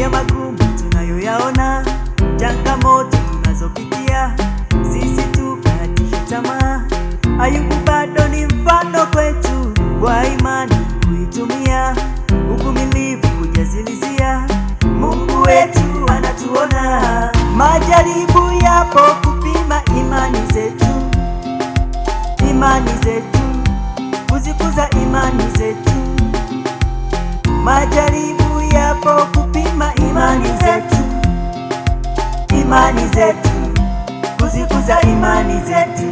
ya magumu tunayoyaona, changamoto tunazopitia, sisi tukatisha tamaa. Ayubu bado ni mfano kwetu, kwa imani kuitumia, uvumilivu kujazilizia. Mungu wetu anatuona, majaribu yapo kupima imani zetu, imani zetu, kuzikuza imani zetu, majaribu yapo imani zetu, kuzikuza imani zetu.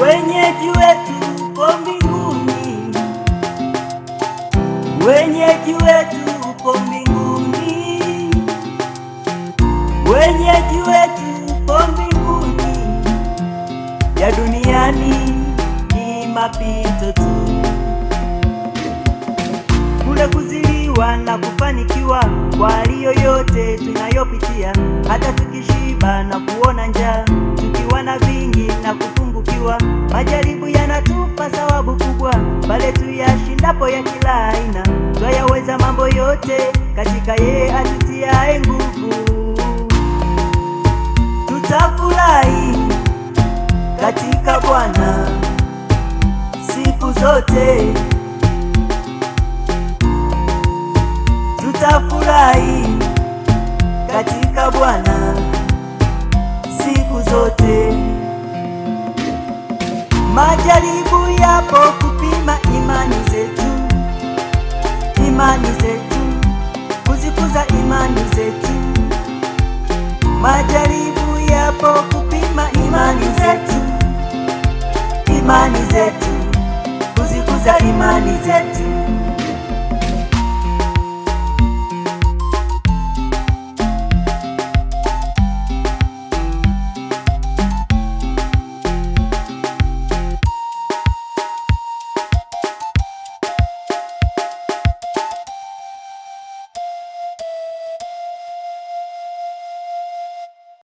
Wenyeji wetu wenyeji wetu upo mbinguni, wenyeji wetu upo mbinguni, ya duniani ni mapito tu. Kule kuziliwa na kufanikiwa kwa aliyo yote tunayopitia, hata tukishiba na kuona njaa, tukiwa na vingi na kupungukiwa, majaribu yanatupa thawabu kubwa pale tuyashindapo ya kila aina tuweza mambo yote katika yeye atutiaye nguvu. Tutafurahi katika Bwana siku zote, tutafurahi katika Bwana siku zote. Majaribu yapo kupima imani zetu imani zetu, kuzikuza imani zetu. Majaribu yapo kupima imani zetu, imani zetu, kuzikuza imani zetu.